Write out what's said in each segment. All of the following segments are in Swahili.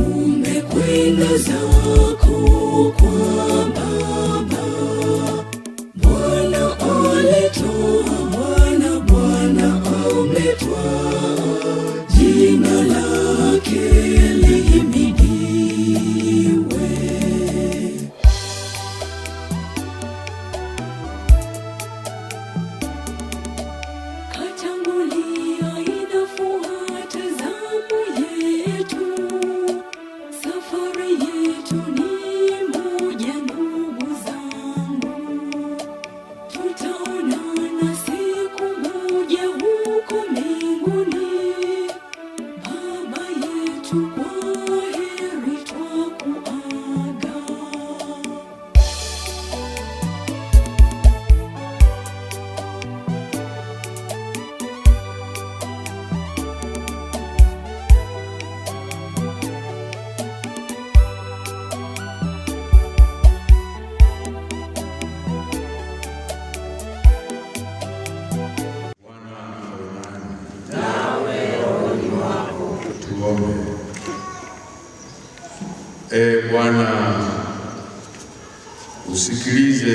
umekwenda zako kwa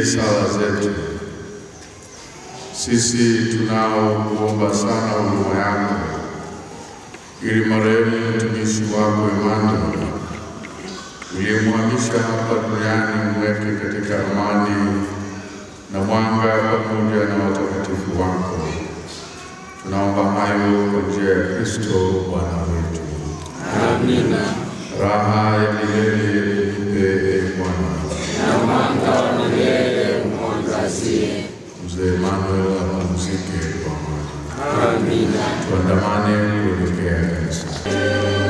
sala zetu. Sisi tunaokuomba sana huruma yako, ili marehemu mtumishi wako Emmanuel uliyemwamisha hapa duniani mweke katika amani na mwanga pamoja na watakatifu wako. Tunaomba hayo kwa njia ya Kristo Bwana wetu. Amina. Raha ya milele ipe Bwana Pues de mano música ah, cuando Amina. que que es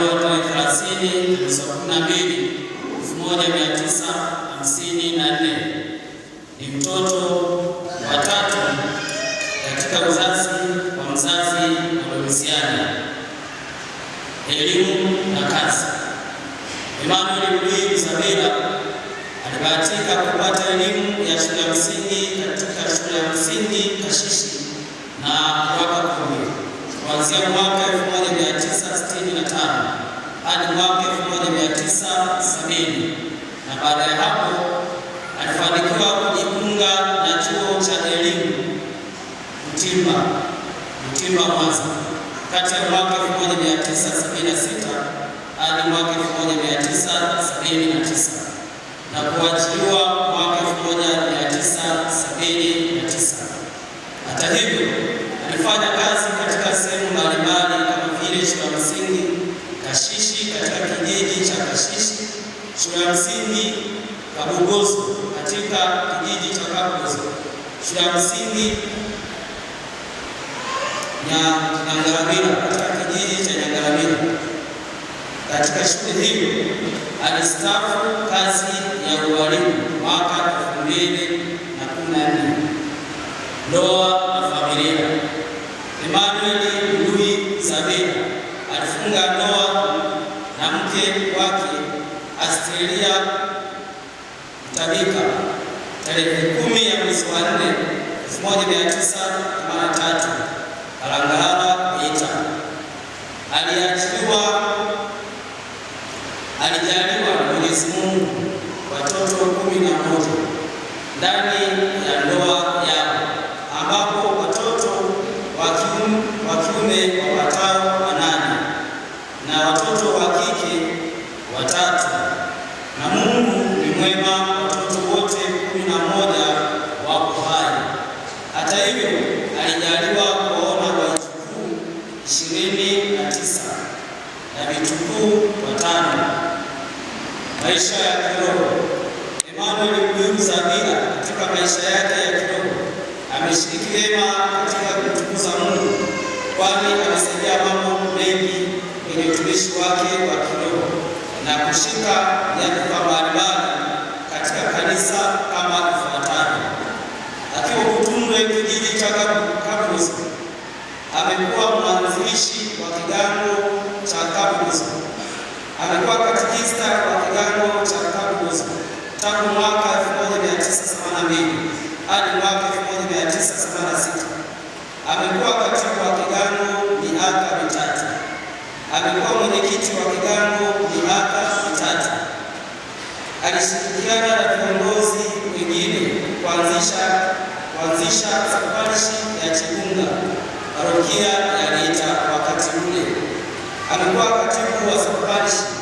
leo tarehe mwezi wa kumi na mbili moja mia tisa hamsini na nne ni mtoto wa tatu katika uzazi wa mzazi Mdomisiana. Elimu na kazi. Emmanuel Luis Msabira alibahatika kupata elimu ya shule ya msingi katika shule ya msingi Kashishi na mwaka kumi kuanzia mwaka baada ya hapo alifanikiwa kujiunga na chuo cha elimu Mtimba, Mtimba Mwanza, kati ya mwaka 1976 hadi mwaka 1979 na kuajiliwa shule msingi msingi Nyang'aramira katika kijiji cha Nyang'aramira. Katika shule hiyo alistafu kazi ya ualimu mwaka elfu mbili na kumi na nne. Ndoa na familia. Emmanuel Lui Sabina alifunga ndoa na mke wake Asteria Mtabika tarehe kumi ya mwezi wa nne elfu moja mia tisa themanini na tatu Balangala Geita. Aliajiliwa, alijaliwa Mwenyezi Mungu watoto kumi na moja ndani ya ndoa yao, ambapo watoto wa kiume wapatao wanane na watoto wa kike maisha ya kiroho. Emmanuel Muyumzamira katika maisha yake ya kiroho ameshiriki vyema katika kumtukuza Mungu, kwani amesaidia mambo mengi kwenye utumishi wake wa kiroho na kushika nyadhifa mbalimbali katika kanisa kama ifuatavyo. Akiwa Butundwe kijiji cha kapus amekuwa mwanzilishi wa kigango cha Kabuzi, amekuwa katikista tangu mwaka 1972 hadi mwaka 1976. Amekuwa katibu wa Kigano miaka mitatu. Amekuwa mwenyekiti wa Kigano miaka mitatu. Alishirikiana na viongozi wengine kuanzisha kuanzisha parishi ya Chigunga parokia ya Geita wakati ule. Amekuwa katibu wa parishi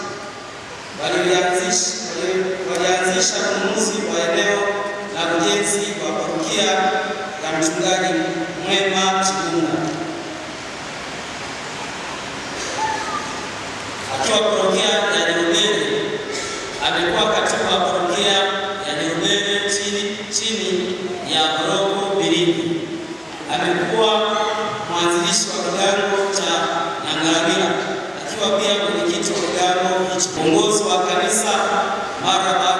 biashara mnunuzi wa eneo la ujenzi wa parokia ya Mchungaji Mwema Chigunga. Akiwa parokia ya Nyerere, amekuwa katibu wa parokia ya Nyerere chini chini ya Moroko Birigi. Amekuwa mwanzilishi wa kigango cha Nangaramira, akiwa pia mwenyekiti wa kigango hicho. Uongozi wa kanisa mara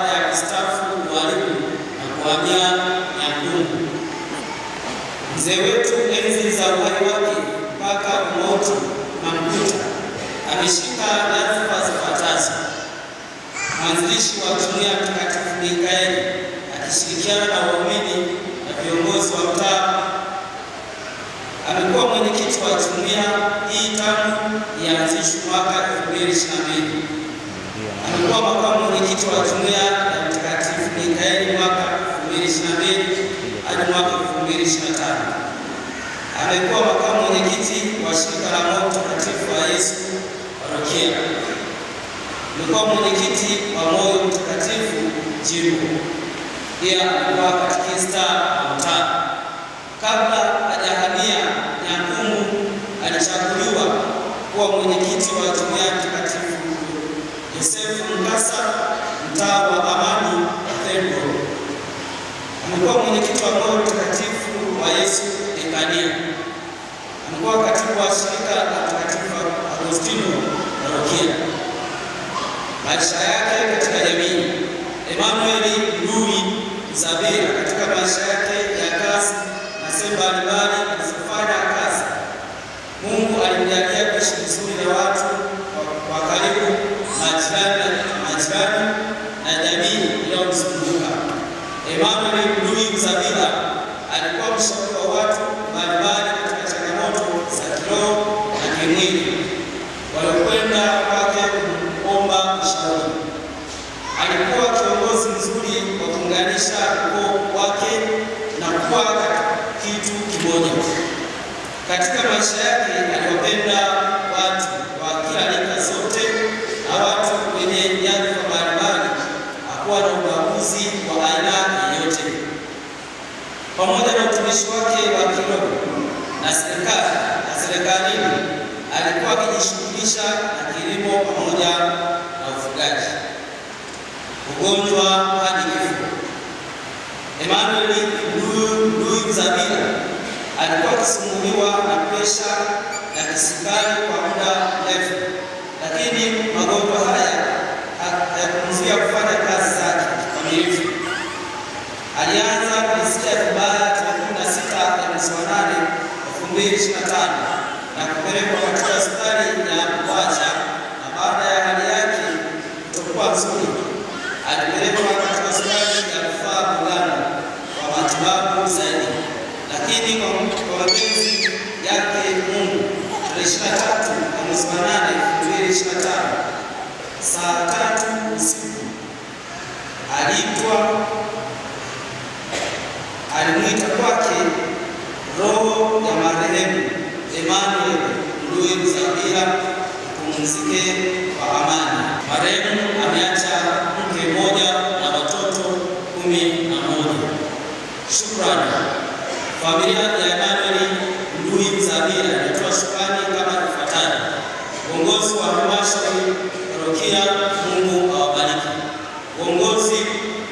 mzee wetu enzi za uhai wake mpaka umauti Mamguta ameshika nyadhifa zifuatazo: mwanzilishi wa jumuiya Mtakatifu Mikaeli akishirikiana na waumini na viongozi wa mtaa. Amekuwa mwenyekiti wa jumuiya hii tangu ianzishwe mwaka 2022. Amekuwa makamu mwenyekiti wa jumuiya ya Mtakatifu Mikaeli mwaka 2022 hadi mwaka 2025. Amekuwa makamu mwenyekiti wa shirika la moyo mtakatifu wa Yesu Parokia. Amekuwa mwenyekiti wa moyo mtakatifu jimbo. Pia amekuwa katekista wa mtaa. Kabla hajahamia Nyangumu, alichaguliwa kuwa mwenyekiti wa jumuiya mtakatifu Yosefu Mkasa, mtaa wa Amani Tembo. Amekuwa mwenyekiti wa moyo mtakatifu Rais Dekania. Alikuwa katibu wa shirika la Mtakatifu Agostino wa Rokia. Maisha yake katika jamii, Emmanuel Lui Mzabira katika maisha yake ya kazi na sehemu mbalimbali alizofanya kazi, Mungu alimjalia kuishi vizuri na watu wa karibu, majirani na jamii inayomzunguka. Emmanuel Lui Mzabira alikuwa mshauri wa watu mbalimbali katika changamoto za kiroho na kimwili, walikwenda kwake kuomba ushauri. Alikuwa kiongozi mzuri wa kuunganisha ukoo wake na kuwa kitu kimoja katika maisha yake. Aliwapenda Emmanuel Ndui Zabira alikuwa akisumbuliwa na presha na kisukari kwa muda mrefu, lakini magonjwa haya hayakumzuia kufanya kazi zake kamilifu. Alianza kujisikia vibaya tarehe 16 ya mwezi wa 8 2025 na kupelekwa mapenzi yake Mungu tarehe 23 mwezi wa 8 2025 saa tatu usiku aliitwa alimwita kwake roho ya marehemu Emmanuel Mluyi Mzabira apumzike kwa amani. Marehemu ameacha mke mmoja na watoto kumi na moja. Shukrani familia ya hili anatoa shukrani kama ifuatavyo. Uongozi wa halmashauri parokia, Mungu awabariki. Uongozi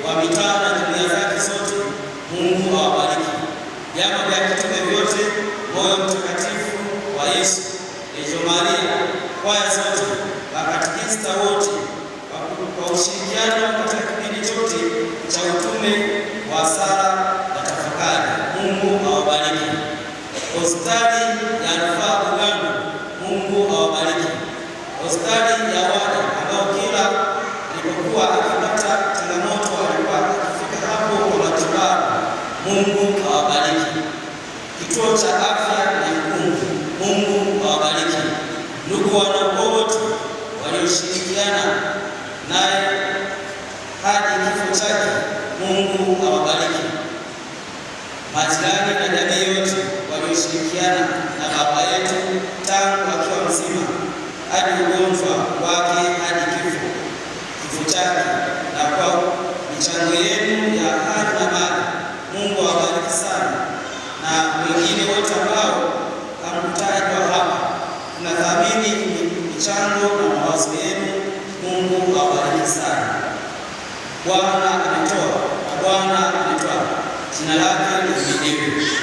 wa mitaa na jumuiya zake zote, Mungu awabariki. Vyama vya kitume vyote, moyo mtakatifu wa Yesu, Reggio Maria, kwaya zote, makatekista wote, kwa ushirikiano katika kipindi chote cha utume wa sala na tafakari, Mungu Hospitali ya Rufaa Bugando, Mungu awabariki. Hospitali ya wada ambao kila alipokuwa akipata changamoto alikuwa akifika hapo kwa matibabu, Mungu awabariki. Kituo cha afya na Ikungu, Mungu awabariki. Ndugu wana wote walioshirikiana naye hadi kifo chake, Mungu awabariki. Majirani na jamii yote kushirikiana na baba yetu tangu akiwa mzima hadi ugonjwa wake hadi kifo kifo chake, na kwa michango yenu ya hali na mali, Mungu awabariki sana, na wengine wote ambao hamkutajwa hapa, tunathamini michango na mawazo yenu. Mungu awabariki sana. Bwana ametoa na Bwana ametoa, jina lake lihimidiwe.